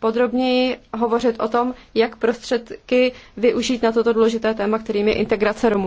podrobněji hovořit o tom, jak prostředky využít na toto důležité téma, kterým je integrace Romů.